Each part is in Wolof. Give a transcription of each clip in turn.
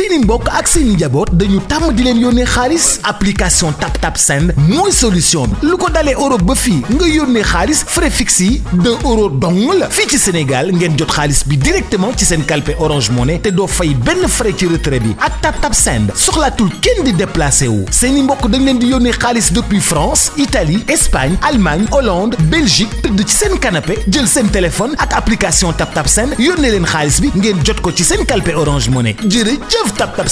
seeni mbokk ak seeni njaboot dañu tàmm di leen yónnee xaalis application TapTap Send mooy solution bi lu ko dalee Europe ba fii nga yónnee xaalis frais fixe yi deux euros dong la fii ci Sénégal ngeen jot xaalis bi directement ci seen kalpe Orange Money te doo fay benn frais ci retrait bi ak TapTap Send soxlaatul kenn di déplacé wu seeni mbokk dañ leen di yónnee xaalis depuis France Italie Espagne Allemagne Hollande Belgique tëdd ci seen canapé jël seen téléphone ak application TapTap Send yónnee leen xaalis bi ngeen jot ko ci seen kalpe Orange Money jërëjëf ci Tab Tab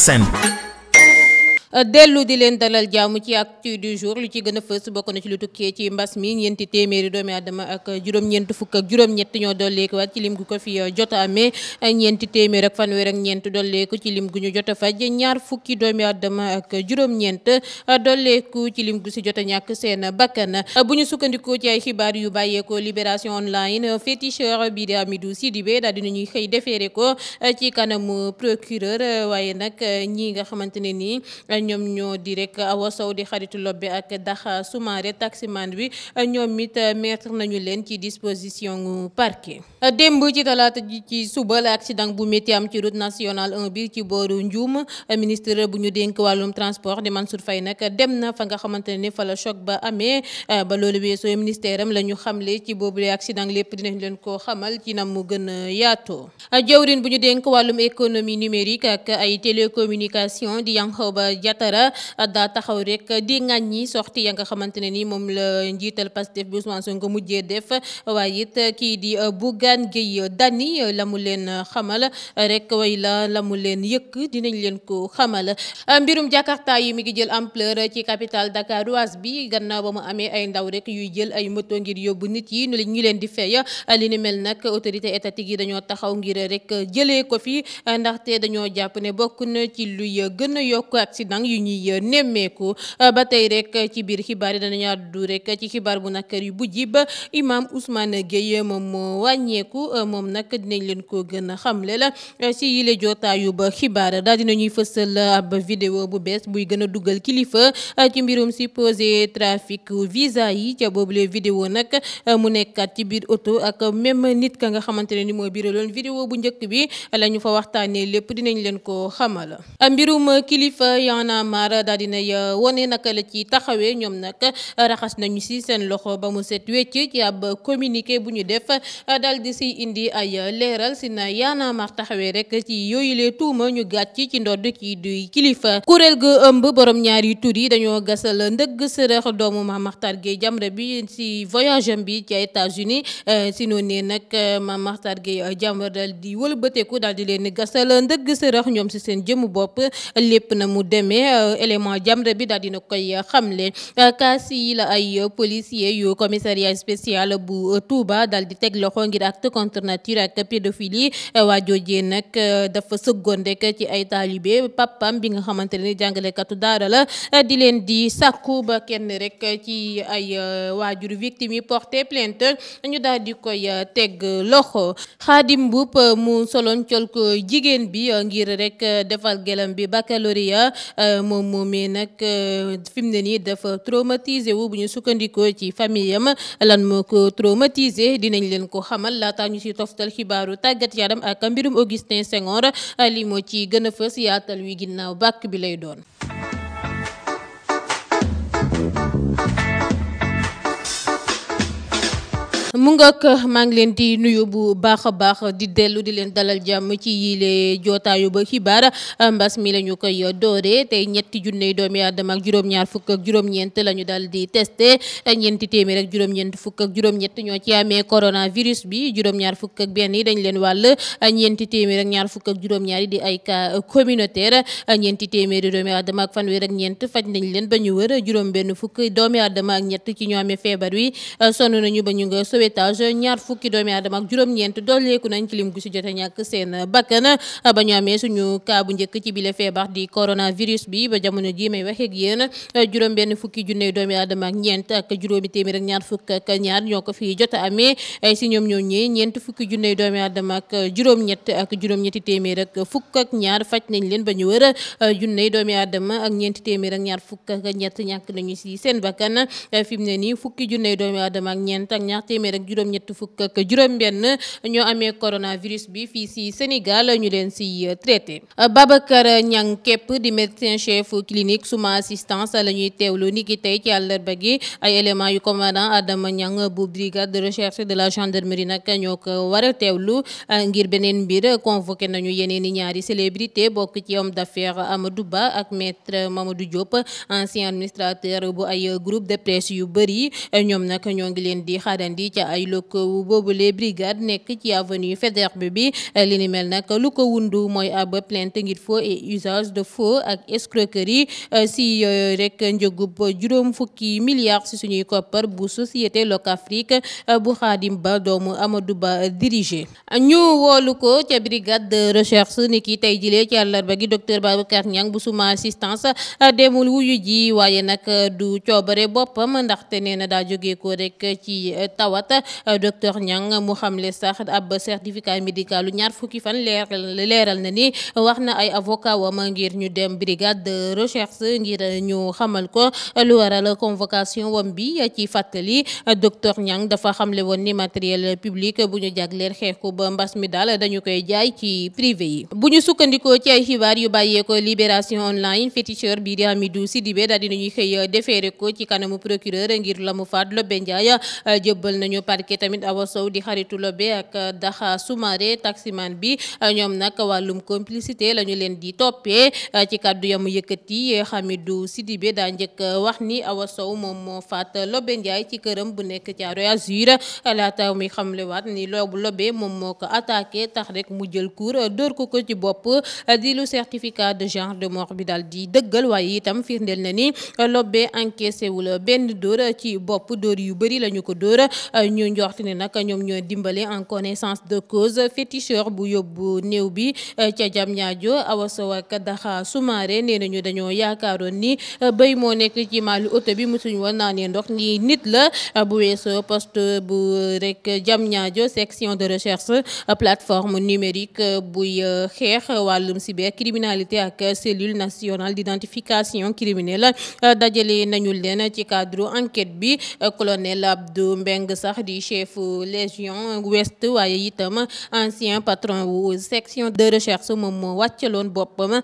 Euh, dellu di leen dalal jaamu ci actu du jour lu ci gën a fës bokk na ci lu tukkee ci mbas mi ñeenti téeméeri doomi aadama ak juróom-ñeent fukk ak juróom-ñett ñoo dolleeku waat ci lim gu ko fi euh, jot a amee euh, ñeenti téeméer ak fanweer ñeent dolleeku ci lim gu ñu jot a ñaar fukki doomi aadama ak juróom-ñeent dolleeku ci lim gu si jot a ñàkk seen bakkan bu ñu sukkandikoo ci ay xibaar yu bàyyeekoo libération online féticheur bi di Amidou Sidibé daal dinañuy xëy defeere ko ci kanamu procureur waaye nag ñi nga xamante ne nii ñoom ñoo di rek Awa Sow di xaritu lobbe ak Dakha Soumaré taximan bi ñoom it mettre nañu leen ci disposition parquet ji ci suba la accident bu métti am ci route nationale 1 bi ci booru Ndioum ministre bu ñu dénk wàllum transport di Mansour Faye nag dem na fa nga xamante ne fa la choc ba amee ba loolu weesoo ministère am la ñu xamle ci boobu le accident lépp dinañ leen koo xamal ci nam mu gën a yaatoo jawrin bu ñu dénk wàllum économie numérique ak ay télécommunication di Yankhoba Diatara daa taxaw rek di ŋàññi sorti ya nga xamante ne ni moom la njiital Pastef bi Ousmane Sonko mujjee def waaye it kii di Bougane Gueye Dany la leen xamal rek way la la mu leen yëkk dinañ leen ko xamal mbirum Jakarta yi mu ngi jël ampleur ci capitale dakaroise bi gannaaw ba mu amee ay ndaw rek yuy jël ay moto ngir yóbbu nit yi ñu leen di fay li ni mel nag autorité étatique yi dañoo taxaw ngir rek jëlee ko fi ndaxte dañoo jàpp ne bokk na ci luy kaarang yu ñuy euh, nemmeeku euh, ba tey rek euh, ci biir xibaar yi danañu àddu rek ci xibaar bu nakar yi bu jib imam Ousmane Gueye moom moo wàññeeku moom nag dinañ leen ko gën a xamle la ci yile jotaayu ba xibaar daal dinañuy fësal ab vidéo bu bees buy gën a dugal kilifa ci mbirum supposé trafic visa yi ca boobule vidéo nag mu nekkaat ci biir oto ak même nit ka nga xamante ne ni moo biraloon vidéo bu njëkk bi la ñu fa waxtaanee lépp dinañ leen ko xamal mbirum kilifa Y'en a marre daal dinay eh, wone naka la ci taxawee ñoom nag eh, raxas nañu si seen loxo ba mu set wecc ci ab communiqué bu ñu def eh, daal di si indi ay leeral si na Y'en a taxawee rek ci yooyulee tuuma ñu gàcc ci ndodd kii di kilifa kuréel ga ëmb borom ñaari tur yi dañoo gasal ndëgg sërëx doomu Mame Mactar Guèye Jamra bi si voyage am bi ci États-Unis si nag Mame Mactar Guèye Jamra daal di wëlbateeku ndëgg sërëx ñoom si seen jëmu bopp lépp na mu demee ne euh, élément Jamra bi daal dina koy euh, xamle kaas euh, yi la ay policier yu commissariat spécial bu Touba dal di teg loxo ngir acte contre nature ak pédophilie waa joojee nag dafa sëggoon rek ci ay taalibe papam bi nga xamante ne jàngalekatu daara la di leen di sàkku ba kenn rek ci ay waajur victime yi porté plainte ñu daal di koy teg loxo Xaadim Mbuup mu soloon col jigéen bi ngir rek defal gelam bi baccalauréat Euh, moom moomee nag euh, fi mu ne nii dafa traumatisé wu bu ñu sukkandikoo ci famille am lan moo ko traumatisé dinañ leen ko xamal laataa ñu ci toftal xibaaru tàggat yaram ak mbirum Augustin Senghor li moo ci gën a fës yaatal wi ginnaaw bàkk bi lay doon. mu nga ko maa ngi leen di nuyu bu baax a baax di dellu di leen dalal jàmm ci yile jootaayu ba xibaar mbas mi la ñu koy dooree tey ñetti junney doomi aadama ak juróom-ñaar fukk ak juróom-ñeent la ñu daal di testé ñeenti téeméer ak fukk ak juróom ñoo ci amee coronavirus bi juróom-ñaar fukk ak benn yi dañ leen wàll ñeenti téeméer ñaar fukk ak juróom-ñaar yi di ay cas communautaire ñeenti téeméeri doomi aadama ak fanweer ak ñeent faj nañ leen ba ñu wër juróom-benn fukk doomi aadama ak ñett ci ñoo amee feebar wi sonn nañu ba ñu nga étage ñaar fukki doomi aadama ak juróom-ñeent dooleeku nañ ci gu si jote ñàkk seen bakkan ba ñu amee di coronavirus bi ba jamono ji may waxeeg yéen juróom benn fukki junne doomi aadama ak ñeent téeméer ak ñaar fukk ak ñaar ñoo a amee si ñoom ñoo ñee ñeent fukki junne doomi aadama ak juróom-ñett ak juróom fukk ak ñaar faj nañ leen ba ñu wër junne doomi aadama ak ñeenti téeméer ak ñaar fukk ak ñett ñàkk nañu si seen bakkan fi mu ne nii fukki junne doomi aadama ak ñeent ak ñaar téeméer ak juróom-ñett fukk ak juróom-benn ñoo amee coronavirus bi fii si Sénégal ñu leen si euh, traité. Babacar Niang képp di médecin chef clinique suma assistance la ñuy teewlu ni ki tey ci àllarba gi ay éléments yu commandant Adama Niang bu brigade de recherche de la gendarmerie nag ñoo ko war teew lu euh, ngir beneen mbir convoqué nañu yeneen i ñaari célébrité bokk ci homme d'affaires Amadou Ba ak maître Mamadou Diop ancien administrateur bu ay groupe de presse yu bëri ñoom nag ñoo ngi leen di xaarandi ca ay locaux boobule brigade nekk ci avenue Faidherbe bi eh, li ni lu ko wundu mooy ab plainte ngir faux et usage de faux ak escroquerie eh, si yooyu rek njëgub juróom fukki milliards si suñuy koppar bu société Locafrique eh, bu Xaadim Ba doomu Amadou Ba dirigé ñu woolu ko ca brigade de recherche ni ki tey jilee ci àllarba gi docteur Babacar Niang bu suma assistance demul wuyu ji waaye nag du coobare boppam ndaxte nee daa jógee ko rek ci tawat Euh, docteur Niang mu xamle sax ab certificat médicalu ñaar fukki fan leeral leeral na ni wax na ay avocat wam ngir ñu dem brigade de recherche ngir ñu xamal ko lu waral convocation wam bi ci fàttali docteur Niang dafa xamle woon ni matériel public bu ñu jagleel xeex ko ba mbas mi daal dañu koy jaay ci privé yi bu ñu sukkandikoo ci ay xibaar yu bàyyeeko libération online féticheur bi di Hamidou Sidibé daal xëy defeere ko ci kanamu procureur ngir la mu parquet tamit Awa Sow di xaritu Lobé ak Daha Soumaré taximan bi ñoom nag wàllum complicité lañu leen di toppee ci kàddu yamu yëkkati Hamidou Sidibé daa njëkk wax ni Awa Sow moom moo faat Lobé Ndiaye ci këram bu nekk Thiaroye Azur laata muy xamlewaat ni loobu Lobé moom moo ko attaqué tax rek mu jël cour dóor ko ko ci bopp di certificat de genre de mort bi daal di dëggal waaye itam firndeel na ni Lobé encaissé wul benn dóor ci bopp dóor yu bëri lañu ko dóor ñu njort ni nag ñoom ñoo dimbale en connaissance de cause féticheur bu yóbbu néew bi eh, ca Diamniadio Awa Sow ak Daxa Soumaré nee nañu dañoo yaakaaroon ni eh, béy moo nekk ci maalu oto bi mosuñu woon naa ne ndox ni nit la eh, bu weesoo poste bu rek jam ñaajo section de recherche plateforme numérique buy xeex wàllum cybercriminalité ak cellule nationale d'identification criminelle dajale nañu leen ci cadre enquête bi colonel Abdou Mbeng sax di chef légion ouest waaye itam ancien patron wu section de recherche moom moo wàccaloon boppam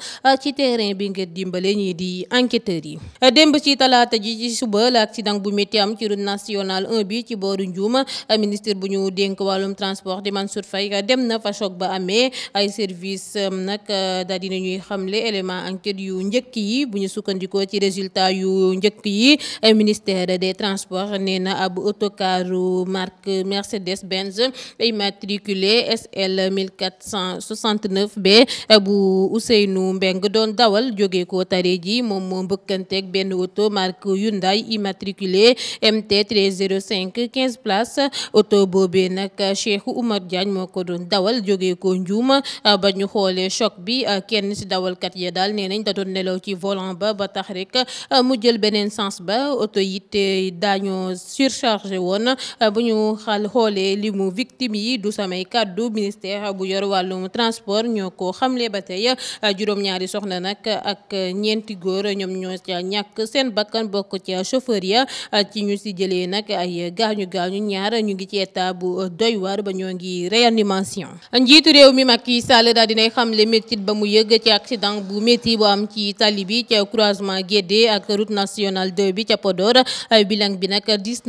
ci terrain bi ngir dimbale ñii di enquêteurs yi. démb ci talaata ji ci suba la accident bu métti am ci route nationale 1 bi ci booru Ndioum ministre bu ñu dénk wàllum transport di Mansour Faye dem na fa choc ba amee ay service um, nag uh, daal dina ñuy xamle élément enquête yu njëkk yi bu ñu sukkandikoo ci résultat yu njëkk yi ministère des transports nee ab bu marque Mercedes-Benz immatriculé SL 1469B bu Ousseynou Mbeng doon dawal joge ko tare ji moom moo mbëkkanteeg benn auto marque Hyundai immatriculé MT cinq quinze place oto boobee nag Cheikh Oumar Diagne moo ko doon dawal jóge ko njuuma ba ñu xoolee choc bi kenn ci dawalkat ya daal nee nañ da nelaw ci volant ba ba tax rek mu jël beneen sens ba auto it daañoo surchargé woon bu ñu xal xoolee li mu victime yi du samay kàddu ministère bu yor wàllum transport ñoo ko xamle ba tey juróom-ñaari soxna nag ak ñeenti góor ñoom ñoo ca ñàkk seen bakkan bokk ca chauffeur ya ci ñu si jëlee nag ay gaañu gaañu ñaar ñu ngi ci état bu doy waar ba ñoo ngi réanimation njiitu réew mi mag Macky Sall daal dinay xamle métit ba mu yëg ci accident bu métti bu am ci tali bi ca croisement Guédé ak route nationale 2 bi ca Podor bilan bi nag diis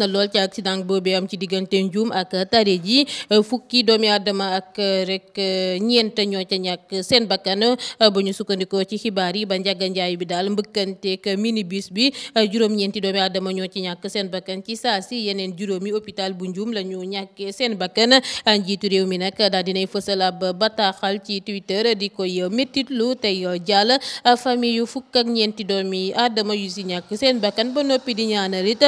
ci diggante Ndioum ak Tare ji fukki doomi aadama ak rek ñeent ñoo ca ñàkk seen bakkan ba ñu sukkandikoo ci xibaar yi ba Ndiaga Ndiaye bi daal mbëkkanteeg minibus bi juróom-ñeenti doomi aadama ñoo ci ñàkk seen bakkan ci saa si juróomi hôpital bu Ndioum la ñàkkee seen bakkan njiitu réew mi nag daal di koy méttitlu tey ba noppi di ñaanal it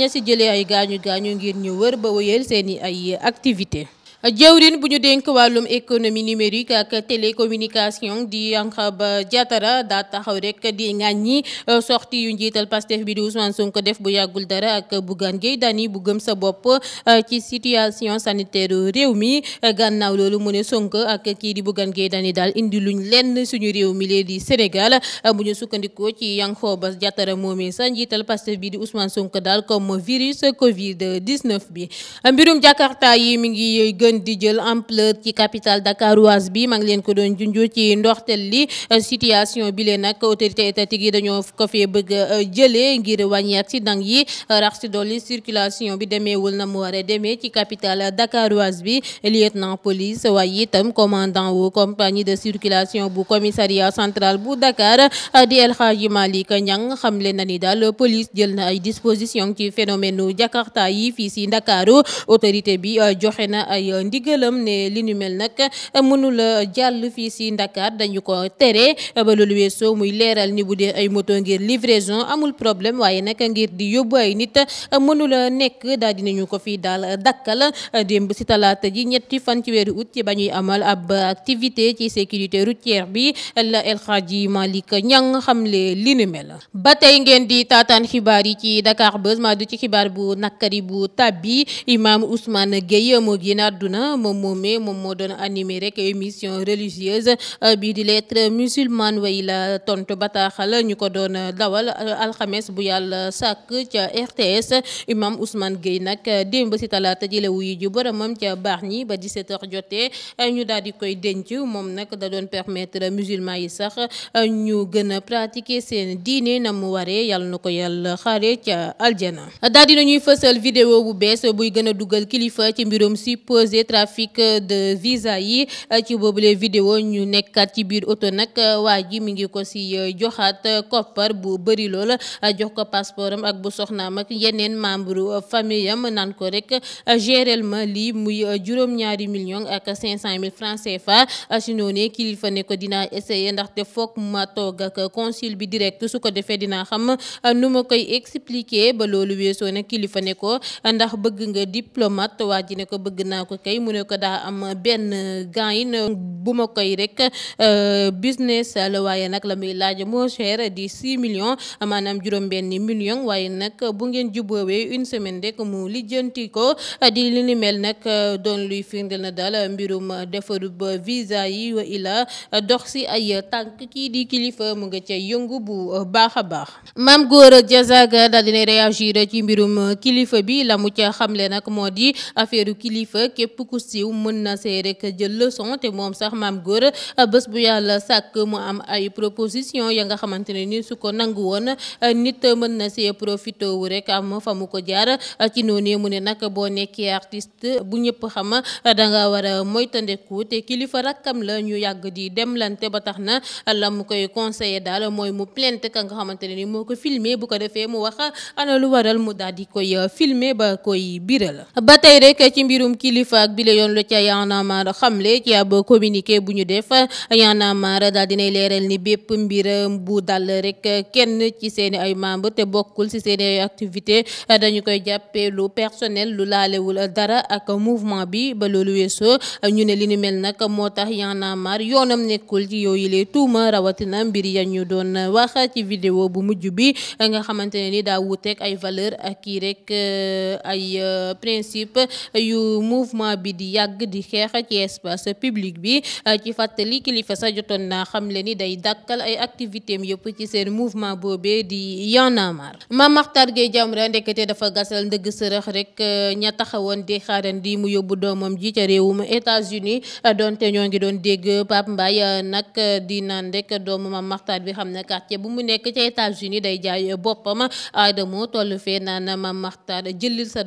ña si jëlee ay gaañu gaañu ngir ñu wër ba seen i ay activité jëwrin bu ñu dénk wàllum économie numérique ak télécommunication di Yankhoba Diattara daa taxaw rek di ŋàññi euh, sorti yu njiital Pastef bi di Ousmane Sonko def bu yàggul dara ak Bougane Gueye Dany bu gëm sa bopp euh, ci situation sanitaire réew mi gànnaaw loolu mu ne Sonko ak kii di Bougane Gueye Dany daal indi luñ lenn suñu réew mi di Sénégal euh, bu ñu sukkandikoo ci Yankhoba Diattara moomee sa njiital Pastef bi di Ousmane Sonko daal comme virus Covid 19 bi mbirum Jakarta yi mi ngi gën di jël ampleur ci capitale dakaroise bi maa ngi leen ko doon junju ci ndoxtel li euh, situation bi leen nag autorité étatique yi dañoo ko fee bëgg euh, jëlee ngir wàññi accident yi euh, rax ci dolli circulation bi demeewul na mu waree demee ci capitale dakaroise bi lieutenant police waaye itam commandant wu compagnie de circulation bu commissariat central bu Dakar di El Hadji Malick Niang xamle na ni daal police jël na ay disposition ci phénomène Jakarta yi fii si Ndakaaru ndigalam ne li nu mel nag mënul jàll fii si Ndakaar dañu ko tere ba loolu weesoo muy leeral ni bu dee ay moto ngir livraison amul problème waaye nag ngir di yóbbu ay nit mënul nekk daal nañu ko fii daal dakkal démb si talaata ji ñetti fan ci weeru août ba ñuy amal ab activité ci sécurité routière bi la El Hadji Malick Niang xamle li nu ba tey ngeen di taataan xibaar yi ci Dakar Buzz maa du ci xibaar bu nakkari bu tàbbi imaam Ousmane Gueye moo génn àdduna àdduna moom moomee moom moo doon animé rek émission religieuse euh, bii di lettre musulmane way la tontu bataaxal ñu ko doon euh, dawal euh, alxames bu yàlla sàkk ca RTS imam Ousmane Gueye nag démb si talaata ji la ju ji boromam ca baax ñi ba 17h jotee ñu daal di koy denc moom nag da doon permettre musulman yi sax ñu gën a pratiquer seen diine na mu waree yàlla na ko yàlla xaare ca aljana daal dina ñuy fësal vidéo bu bees buy gën dugal kilifa ci mbirum supposé boobule trafic de visa yi eh, ci boobule vidéo ñu nekkaat ci biir oto nag eh, waa ji mu ngi ko si eh, joxaat koppar bu bëri lool jox ko passeport am ak bu soxnaam ak yeneen membre famille am naan ko rek gérel ma lii muy juróom-ñaari million ak cinq cent mille francs CFA si kilifa ne ko dinaa essayer ndaxte foog ma toog ak consul bi direct su ko defee dinaa xam nu ma koy expliquer ba loolu weesoo nag kilifa ne ko ndax bëgg nga diplomate waa ji ne ko bëgg naa ko tey mu ne ko daa am benn gain bu ma koy rek euh, business la waaye nag la muy laaj moo cher di 6 millions maanaam juróom benn million waaye nag bu ngeen jubboowee une semaine rek mu lijjanti ko di li ni mel nag doon luy firndeel na daal mbirum defaru ba visa yi wa illa dox si ay tànk kii di kilifa mu nga ca yëngu bu baax a baax maam góor Diazaga daal dinay réagir ci mbirum kilifa bi la ca xamle nag moo di affaire kilifa képp ku siiw mën na see rek jël leçon te moom sax maam góor bés bu yàlla sàkk mu am ay proposition ya nga xamante ne ni su ko nangu woon nit mën na see profité wu rek am fa mu ko jaar ci noonu mu ne nag boo nekkee artiste bu ñëpp xam danga war a moytandeku te kilifa rakkam la ñu yàgg di demlante ba tax na la mu koy conseillé daal mooy mu plainte ka nga xamante ne ni moo ko filmé bu ko defee mu wax ana lu waral mu daal di koy filmé ba koy biral ba tey rek ci mbirum kilifa ak yoon lu ca Y'en a marre xamle ci ab communiqué bu ñu def Y'en a marre dinay leeral ni bépp mbir bu dal rek kenn ci seeni ay membre te bokkul ci seeni ay activité dañu koy jàppee lu personnel lu laalewul dara ak mouvement bi ba loolu weesoo ñu ne li nu mel nag moo tax Y'en a marre yoonam nekkul ci yooyu lee tuuma rawatina mbir ya ñu doon wax ci vidéo bu mujj bi nga xamante ne ni daa wuuteeg ay valeur ak kii rek ay principe yu mouvement mouvement bi di yàgg di xeex ci espace public bi euh, ci fàttali kilifa sa jotoon naa xamle ni day dàkkal ay activité am yëpp ci seen mouvement boobee di Y'en a marre Mame Mactar Guèye Jamra ndekete dafa gasal ndëgg sërëx rek euh, ña taxawoon di xaarandi mu yóbbu doomam ji ca réewum États-Unis euh, donte ñoo ngi doon dégg Pape Mbaye di naan rek doomu Mame Mactar bi xam ne quartier bu mu nekk ca États-Unis day jaay boppam Adamo tollu fee naan Mame Mactar jëlil sa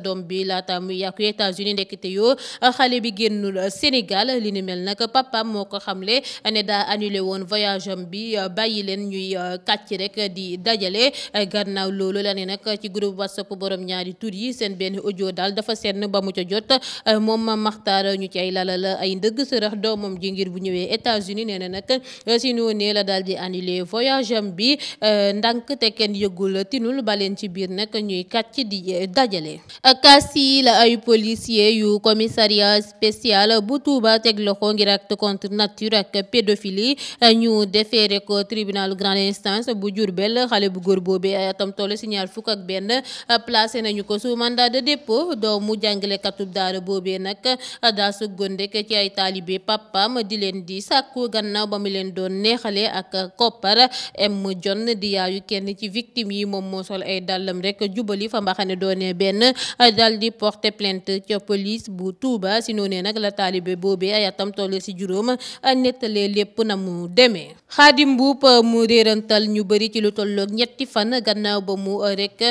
Euh, xale bi génnul euh, Sénégal li ni mel nag papam moo ko xamle ne daa annulé woon voyage bi euh, bàyyi leen ñuy kàcc rek di dajale gannaaw loolu lane ne nag ci groupe whatsapp boroom ñaari tur yi seen benn audio daal dafa senn ba mu ca jot moom maxtaar ñu ci ay lalal ay ndëgg sërëx doomam ji ngir bu ñëwee États-Unis nee na nag si noonee la daal di annulé voyage bi ndànk te kenn yëgul tinul ba leen ci biir nag ñuy kàcc di dajale kaas yi la ay policier yu commissariat bu Touba teg loxo ngir acte contre nature ak pédophilie ñu defeere ko tribunal grande instance bu Diourbel xale bu góor boobee atam toll si ñaar fukk ak benn placé nañu ko sous mandat de dépôt doomu jàngalekatub daara boobee nag daa su gondek ci ay taalibe papam di leen di sàkku gannaaw ba mu leen doon neexale ak koppar m jon di yaayu kenn ci victime yi moom moo sol ay dàllam rek jubali fa mbaxane doone benn dal di porter plainte ca police bu Touba si noonee nag la taalibe boobee ay atam toll si juróom nettalee lépp na mu demee. Xaadim Mbuup mu réerantal ñu bëri ci lu tolloog ñetti fan gannaaw ba mu rek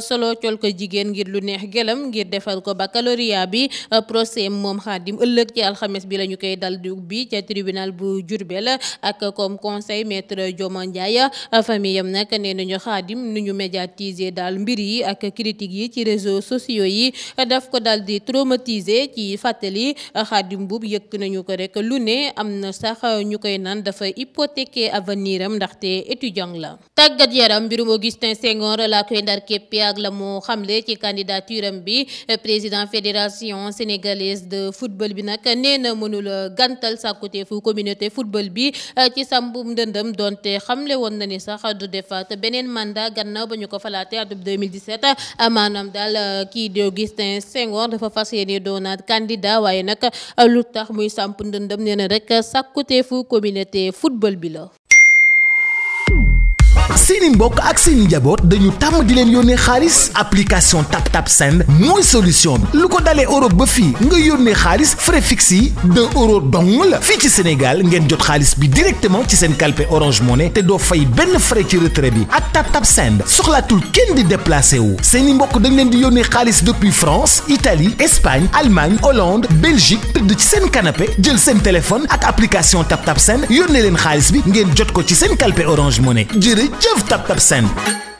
solo col ko jigéen ngir lu neex gelam ngir defal ko baccalauréat bi procès moom Xaadim ëllëg ci alxemes bi lañu koy dal di ubbi ca tribunal bu Jurbel ak comme conseil maître Dioma Ndiaye famille am nee nañu Xaadim nu ñu médiatiser daal mbir yi ak critique yi ci réseaux sociaux yi daf ci fàttali Khadim Mboup yëkk nañu ko rek lu ne am na sax ñu koy naan dafa hypothéquer avenir am ndaxte étudiant la. tàggat yaram mbirum Augustin Senghor laa koy ndar képp ak la moo xamle ci candidature am bi président fédération sénégalaise de football bi nag nee na mënul gantal fu communauté football bi ci sàmbum ndëndëm donte xamle woon na ni sax du defaat beneen mandat gannaaw ba ñu ko falaate atum 2017 daal kii di Augustin Senghor dafa candidat waaye nag lu tax muy samp ndëndëm nee na rek sàkkuteefu communauté football bi la. seeni mbokk ak seeni njaboot dañu tàmm di leen yónnee xaalis application TapTap Send mooy solution bi lu ko dalee Europe ba fii nga yónnee xaalis frais fixe yi d'un euro dong la fii ci Sénégal ngeen jot xaalis bi directement ci seen kalpe Orange Money te doo fay benn frais ci retrait bi ak TapTap Send soxlatul kenn di déplacé wu seeni mbokk dañ leen di yónnee xaalis depuis France Italie Espagne Allemagne Hollande Belgique tëdd ci seen canapé jël seen téléphone ak application TapTap Send yónnee leen bi ngeen jot ko ci seen kalpe Orange Money jërëjëf jërëjëf Tab Tab Seen